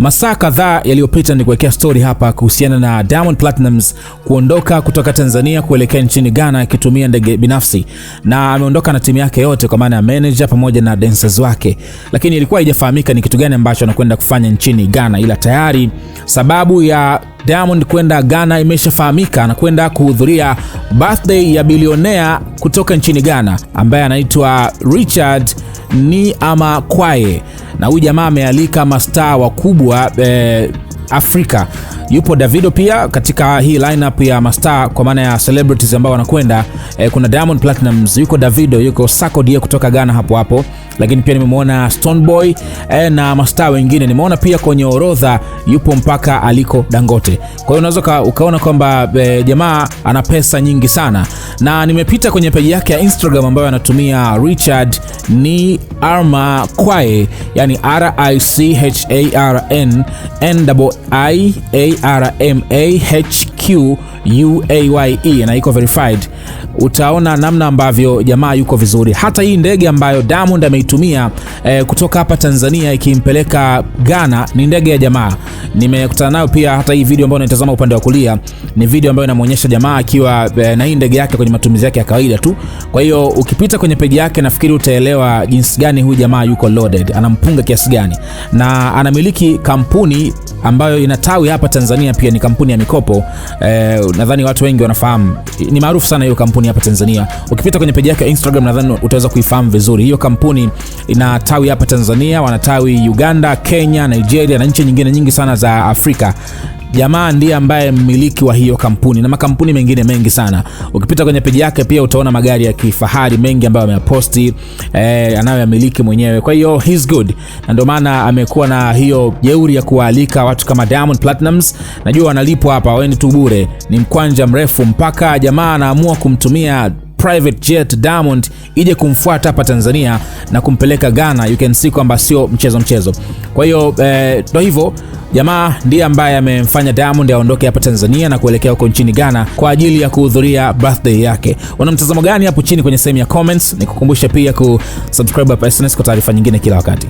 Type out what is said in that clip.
Masaa kadhaa yaliyopita ni kuwekea stori hapa kuhusiana na Diamond Platnumz kuondoka kutoka Tanzania kuelekea nchini Ghana akitumia ndege binafsi, na ameondoka na timu yake yote, kwa maana ya manager pamoja na dancers wake, lakini ilikuwa haijafahamika ni kitu gani ambacho anakwenda kufanya nchini Ghana, ila tayari sababu ya Diamond kwenda Ghana imeshafahamika. Anakwenda kuhudhuria birthday ya bilionea kutoka nchini Ghana ambaye anaitwa Richard ni ama kwae, na huyu jamaa amealika mastaa wakubwa eh, Afrika. Yupo Davido pia katika hii lineup ya mastaa kwa maana ya celebrities ambao wanakwenda eh, kuna Diamond Platinumz, yuko Davido, yuko Sarkodie kutoka Ghana hapo hapo lakini pia nimemwona Stone Boy eh, na mastaa wengine nimeona pia kwenye orodha yupo mpaka aliko Dangote. Kwa hiyo unaweza ukaona kwamba eh, jamaa ana pesa nyingi sana, na nimepita kwenye peji yake ya Instagram ambayo anatumia Richard ni Arma Kwae, yani R I C H A R N N I A R M A H QUAYE na iko verified, utaona namna ambavyo jamaa yuko vizuri. Hata hii ndege ambayo Diamond ameitumia eh, kutoka hapa Tanzania ikimpeleka Ghana ni ndege ya jamaa, nimekutana nayo pia. Hata hii video ambayo unaitazama upande wa kulia ni video ambayo inamuonyesha jamaa akiwa eh, na hii ndege yake kwenye matumizi yake ya kawaida tu. Kwa hiyo ukipita kwenye peji yake, nafikiri utaelewa jinsi gani huyu jamaa yuko loaded, anampunga kiasi gani na anamiliki kampuni ambayo ina tawi hapa Tanzania pia ni kampuni ya mikopo eh, nadhani watu wengi wanafahamu, ni maarufu sana hiyo kampuni hapa Tanzania. Ukipita kwenye peji yake ya Instagram nadhani utaweza kuifahamu vizuri. Hiyo kampuni ina tawi hapa Tanzania, wanatawi Uganda, Kenya, Nigeria na nchi nyingine nyingi sana za Afrika jamaa ndiye ambaye mmiliki wa hiyo kampuni na makampuni mengine mengi sana. Ukipita kwenye peji yake pia utaona magari ya kifahari mengi ambayo ameyaposti eh, anayoyamiliki mwenyewe. Kwa hiyo he's good, na ndio maana amekuwa na hiyo jeuri ya kuwaalika watu kama Diamond Platinums. Najua wanalipwa hapa, weni tu bure, ni mkwanja mrefu mpaka jamaa anaamua kumtumia private jet Diamond ije kumfuata hapa Tanzania na kumpeleka Ghana. You can see kwamba sio mchezo mchezo. Kwa hiyo eh, hivyo jamaa ndiye ambaye amemfanya Diamond aondoke hapa Tanzania na kuelekea huko nchini Ghana kwa ajili ya kuhudhuria birthday yake. Una mtazamo gani hapo chini kwenye sehemu ya comments? Nikukumbusha pia kusubscribe hapa SnS kwa taarifa nyingine kila wakati.